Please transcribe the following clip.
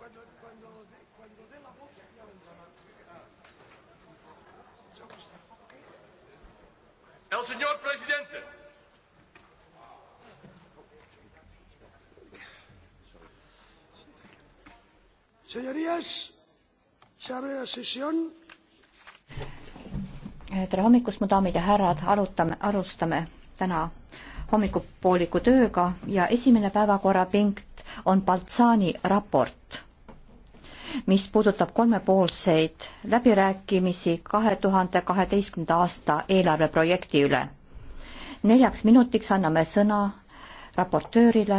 Cuando, cuando, cuando dé la voz ya vendrá más. Chao, está. El señor presidente. Señorías, se abre la sesión. tere hommikust, mu daamid ja härrad, arutame, alustame täna hommikupooliku tööga ja esimene päevakorrapunkt on Baltsaani raport, mis puudutab kolmepoolseid läbirääkimisi kahe tuhande kaheteistkümnenda aasta eelarveprojekti üle. neljaks minutiks anname sõna raportöörile